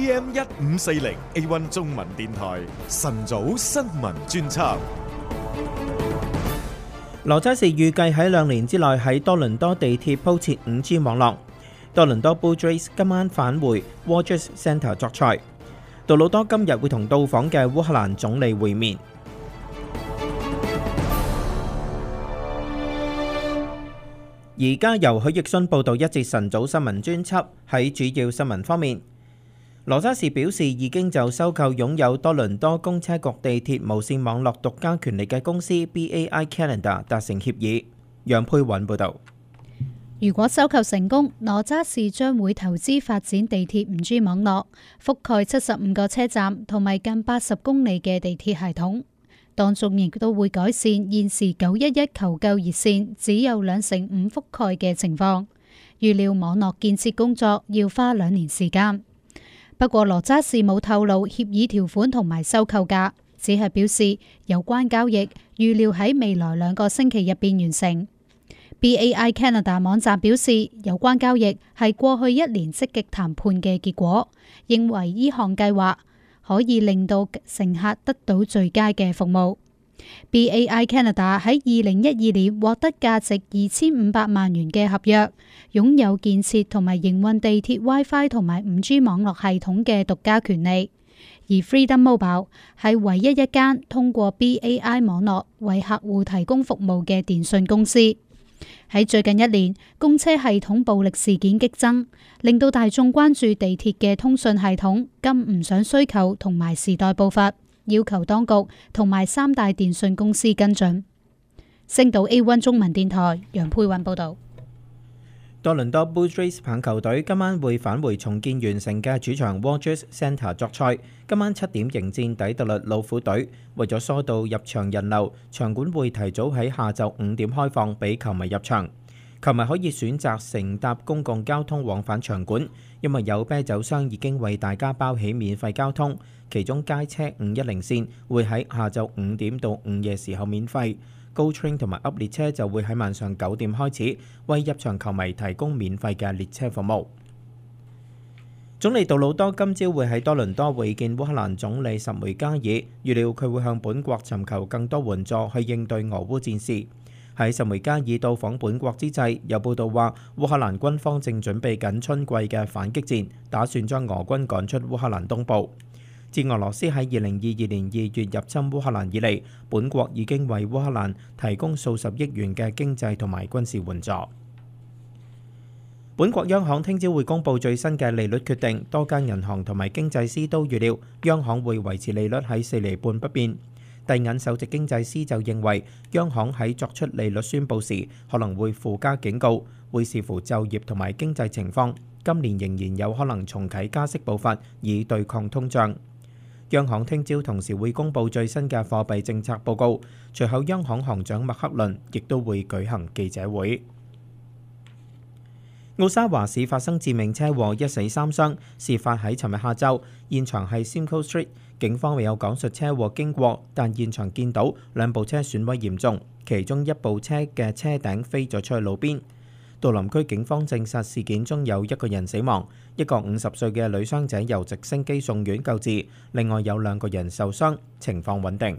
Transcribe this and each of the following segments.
AM 一五四零 A One 中文電台晨早新聞專輯。羅渣士預計喺兩年之內喺多倫多地鐵鋪設五 G 網絡。多倫多 Blue Jays 今晚返回 Rogers Centre 作賽。杜魯多今日會同到訪嘅烏克蘭總理會面。而家由許奕迅報道一節晨早新聞專輯。喺主要新聞方面，羅渣士表示，已經就收購擁有多倫多公車局地鐵無線網絡獨家權利嘅公司 B.A.I. Canada 達成協議。楊佩韻報道。如果收購成功，羅渣士將會投資發展地鐵五 G 網絡，覆蓋七十五個車站同埋近八十公里嘅地鐵系統。當中亦都會改善現時九一一求救熱線只有兩成五覆蓋嘅情況。預料網絡建設工作要花兩年時間。不過，羅渣士冇透露協議條款同埋收購價，只係表示有關交易預料喺未來兩個星期入邊完成。BAI Canada 網站表示，有關交易係過去一年積極談判嘅結果，認為呢項計劃可以令到乘客得到最佳嘅服務。B A I Canada 喺二零一二年獲得價值二千五百萬元嘅合約，擁有建設同埋營運地鐵 WiFi 同埋五 G 網絡系統嘅獨家權利。而 Freedom Mobile 係唯一一間通過 B A I 網絡為客戶提供服務嘅電信公司。喺最近一年，公車系統暴力事件激增，令到大眾關注地鐵嘅通訊系統跟唔上需求同埋時代步伐。要求當局同埋三大電訊公司跟進。星島 A1 中文電台楊佩韻報導。多倫多 Blue Jays 棒球隊今晚會返回重建完成嘅主場 Rogers Centre 作賽，今晚七點迎戰底特律老虎隊。為咗疏導入場人流，場館會提早喺下晝五點開放俾球迷入場。球迷可以選擇乘搭公共交通往返場館，因為有啤酒商已經為大家包起免費交通。其中街車五一零線會喺下晝五點到午夜時候免費，GO train 同埋 Up 列車就會喺晚上九點開始為入場球迷提供免費嘅列車服務。總理杜魯多今朝會喺多倫多會見烏克蘭總理什梅加爾，預料佢會向本國尋求更多援助去應對俄烏戰事。喺什梅加爾到訪本國之際，有報道話烏克蘭軍方正準備緊春季嘅反擊戰，打算將俄軍趕出烏克蘭東部。自俄羅斯喺二零二二年二月入侵烏克蘭以嚟，本國已經為烏克蘭提供數十億元嘅經濟同埋軍事援助。本國央行聽朝會公布最新嘅利率決定，多間銀行同埋經濟師都預料央行會維持利率喺四釐半不變。帝銀首席經濟師就認為，央行喺作出利率宣布時可能會附加警告，會視乎就業同埋經濟情況。今年仍然有可能重啟加息步伐，以對抗通脹。央行聽朝同時會公布最新嘅貨幣政策報告，隨後央行行長麥克倫亦都會舉行記者會。奧沙華市發生致命車禍，一死三傷。事發喺尋日下晝，現場係 Simcoe Street，警方未有講述車禍經過，但現場見到兩部車損毀嚴重，其中一部車嘅車頂飛咗出去路邊。杜林區警方證實事件中有一個人死亡，一個五十歲嘅女傷者由直升機送院救治，另外有兩個人受傷，情況穩定。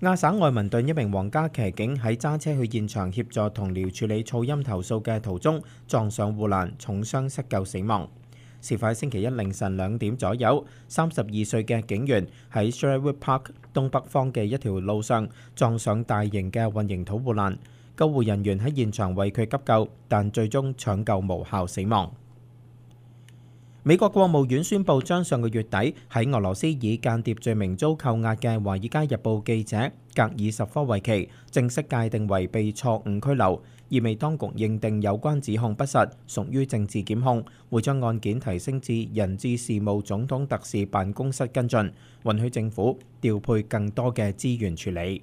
亞省愛民頓一名皇家騎警喺揸車去現場協助同僚處理噪音投訴嘅途中，撞上護欄，重傷失救死亡。事發星期一凌晨兩點左右，三十二歲嘅警員喺 Sherwood Park 東北方嘅一條路上撞上大型嘅混凝土護欄。救護人員喺現場為佢急救，但最終搶救無效死亡。美國國務院宣布，將上個月底喺俄羅斯以間諜罪名遭扣押嘅華爾街日報記者格爾什科維奇，正式界定為被錯誤拘留，意味當局認定有關指控不實，屬於政治檢控，會將案件提升至人質事務總統特使辦公室跟進，允許政府調配更多嘅資源處理。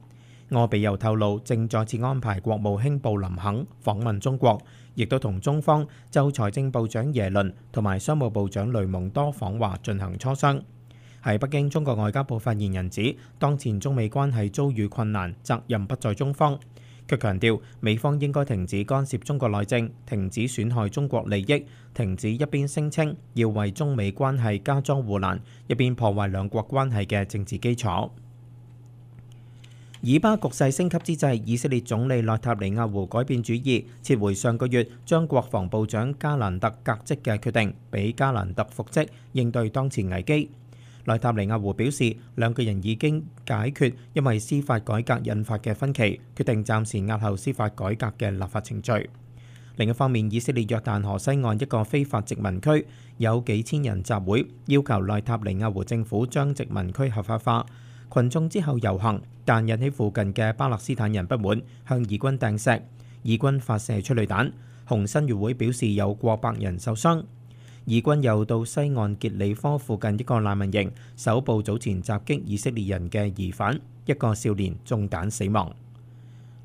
俄媒又透露，正再次安排國務卿布林肯訪問中國，亦都同中方就財政部長耶倫同埋商務部長雷蒙多訪華進行磋商。喺北京，中國外交部發言人指，當前中美關係遭遇困難，責任不在中方。佢強調，美方應該停止干涉中國內政，停止損害中國利益，停止一邊聲稱要為中美關係加裝護欄，一邊破壞兩國關係嘅政治基礎。以巴局勢升級之際，以色列總理內塔尼亞胡改變主意，撤回上個月將國防部長加蘭特革職嘅決定，俾加蘭特復職，應對當前危機。內塔尼亞胡表示，兩個人已經解決因為司法改革引發嘅分歧，決定暫時押後司法改革嘅立法程序。另一方面，以色列約旦河西岸一個非法殖民區有幾千人集會，要求內塔尼亞胡政府將殖民區合法化。群眾之後遊行，但引起附近嘅巴勒斯坦人不滿，向以軍掟石。以軍發射催淚彈。紅新月會表示有過百人受傷。以軍又到西岸傑里科附近一個難民營，搜捕早前襲擊以色列人嘅疑犯，一個少年中彈死亡。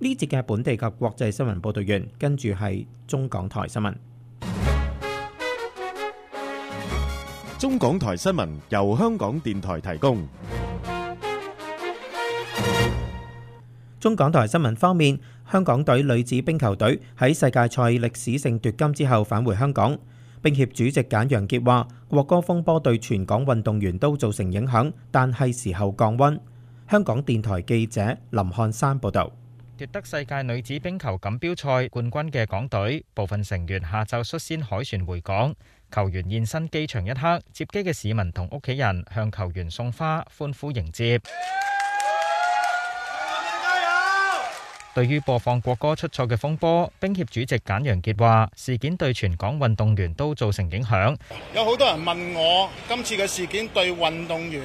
呢節嘅本地及國際新聞報道員，跟住係中港台新聞。中港台新聞由香港電台提供。中港台新聞方面，香港隊女子冰球隊喺世界賽歷史性奪金之後返回香港。冰協主席簡陽傑話，國歌風波對全港運動員都造成影響，但係時候降溫。香港電台記者林漢山報導。奪得世界女子冰球錦標賽冠軍嘅港隊部分成員下晝率先凱旋回港。球員現身機場一刻，接機嘅市民同屋企人向球員送花，歡呼迎接。對於播放國歌出錯嘅風波，冰協主席簡陽傑話：事件對全港運動員都造成影響。有好多人問我，今次嘅事件對運動員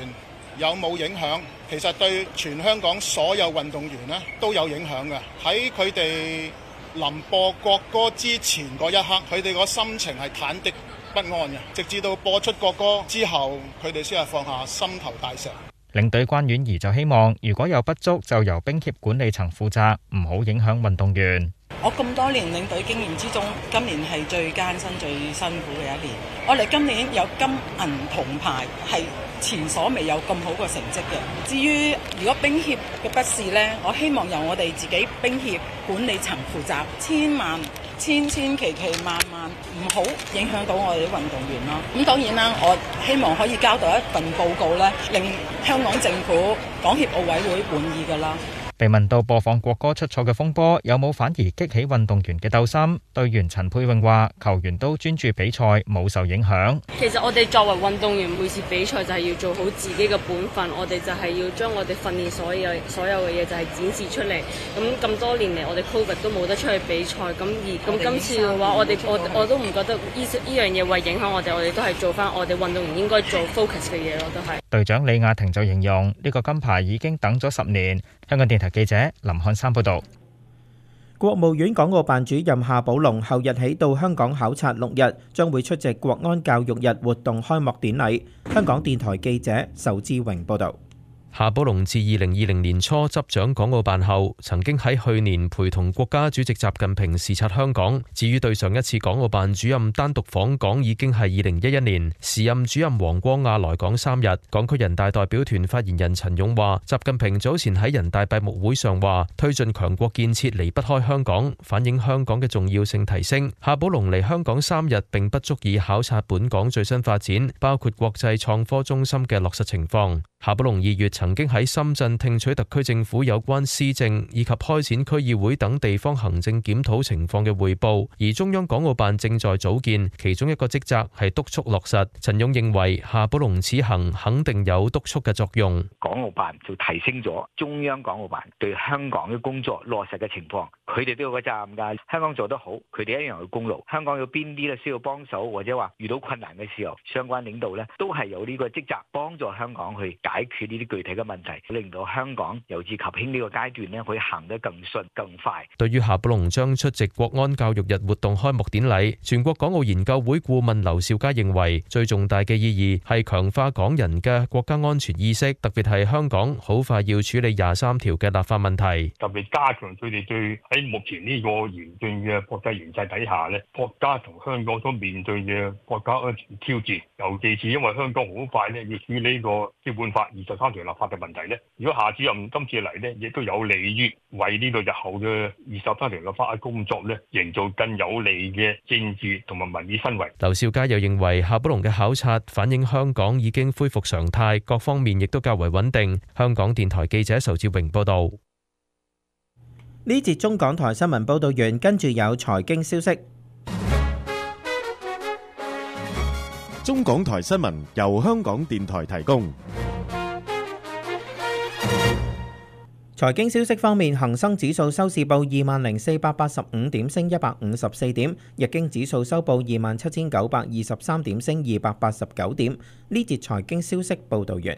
有冇影響？其實對全香港所有運動員咧都有影響嘅。喺佢哋臨播國歌之前嗰一刻，佢哋個心情係忐忑不安嘅，直至到播出國歌之後，佢哋先係放下心頭大石。領隊關婉儀就希望，如果有不足就由兵協管理層負責，唔好影響運動員。我咁多年領隊經驗之中，今年係最艱辛、最辛苦嘅一年。我哋今年有金銀銅牌，係前所未有咁好嘅成績嘅。至於如果兵協嘅不是呢，我希望由我哋自己兵協管理層負責，千萬，千千祈祈萬萬唔好影響到我哋啲運動員咯。咁、嗯、當然啦，我希望可以交到一份報告咧，令香港政府、港協奧委會滿意噶啦。被問到播放國歌出錯嘅風波，有冇反而激起運動員嘅鬥心？隊員陳佩穎話：球員都專注比賽，冇受影響。其實我哋作為運動員，每次比賽就係要做好自己嘅本分。我哋就係要將我哋訓練所有所有嘅嘢就係展示出嚟。咁咁多年嚟，我哋 covid 都冇得出去比賽。咁而咁今次嘅話，我哋我我都唔覺得呢呢樣嘢會影響我哋。我哋都係做翻我哋運動員應該做 focus 嘅嘢咯。都係隊長李亞婷就形容呢個金牌已經等咗十年。香港電台記者林漢山報道，國務院港澳辦主任夏寶龍後日起到香港考察六日，將會出席國安教育日活動開幕典禮。香港電台記者仇志榮報道。夏寶龍自二零二零年初執掌港澳辦後，曾經喺去年陪同國家主席習近平視察香港。至於對上一次港澳辦主任單獨訪港，已經係二零一一年，時任主任王光亞來港三日。港區人大代表團發言人陳勇話，習近平早前喺人大閉幕會上話，推進強國建設離不開香港，反映香港嘅重要性提升。夏寶龍嚟香港三日，並不足以考察本港最新發展，包括國際創科中心嘅落實情況。夏寶龍二月。曾經喺深圳聽取特區政府有關施政以及開展區議會等地方行政檢討情況嘅匯報，而中央港澳辦正在組建，其中一個職責係督促落實。陳勇認為夏寶龍此行肯定有督促嘅作用。港澳辦就提升咗中央港澳辦對香港嘅工作落實嘅情況，佢哋都有個責任噶。香港做得好，佢哋一樣要功勞；香港有邊啲咧需要幫手，或者話遇到困難嘅時候，相關領導咧都係有呢個職責幫助香港去解決呢啲具體嘅問題令到香港由治及興呢個階段咧，可以行得更順更快。對於夏寶龍將出席國安教育日活動開幕典禮，全國港澳研究會顧問劉兆佳認為，最重大嘅意義係強化港人嘅國家安全意識，特別係香港好快要處理廿三條嘅立法問題，特別加強佢哋對喺目前呢個嚴峻嘅國際形勢底下咧，國家同香港都面對嘅國家安全挑戰，尤其是因為香港好快咧要處理呢個基本法二十三條立法，嘅問題呢，如果夏主任今次嚟呢，亦都有利於為呢個日後嘅二十多年嘅法例工作呢，營造更有利嘅政治同埋民意氛圍。劉少佳又認為夏寶龍嘅考察反映香港已經恢復常態，各方面亦都較為穩定。香港電台記者仇志榮報導。呢節中港台新聞報導完，跟住有財經消息。中港台新聞由香港電台提供。財經消息方面，恒生指數收市報二萬零四百八十五點，升一百五十四點；日經指數收報二萬七千九百二十三點，升二百八十九點。呢節財經消息報道完。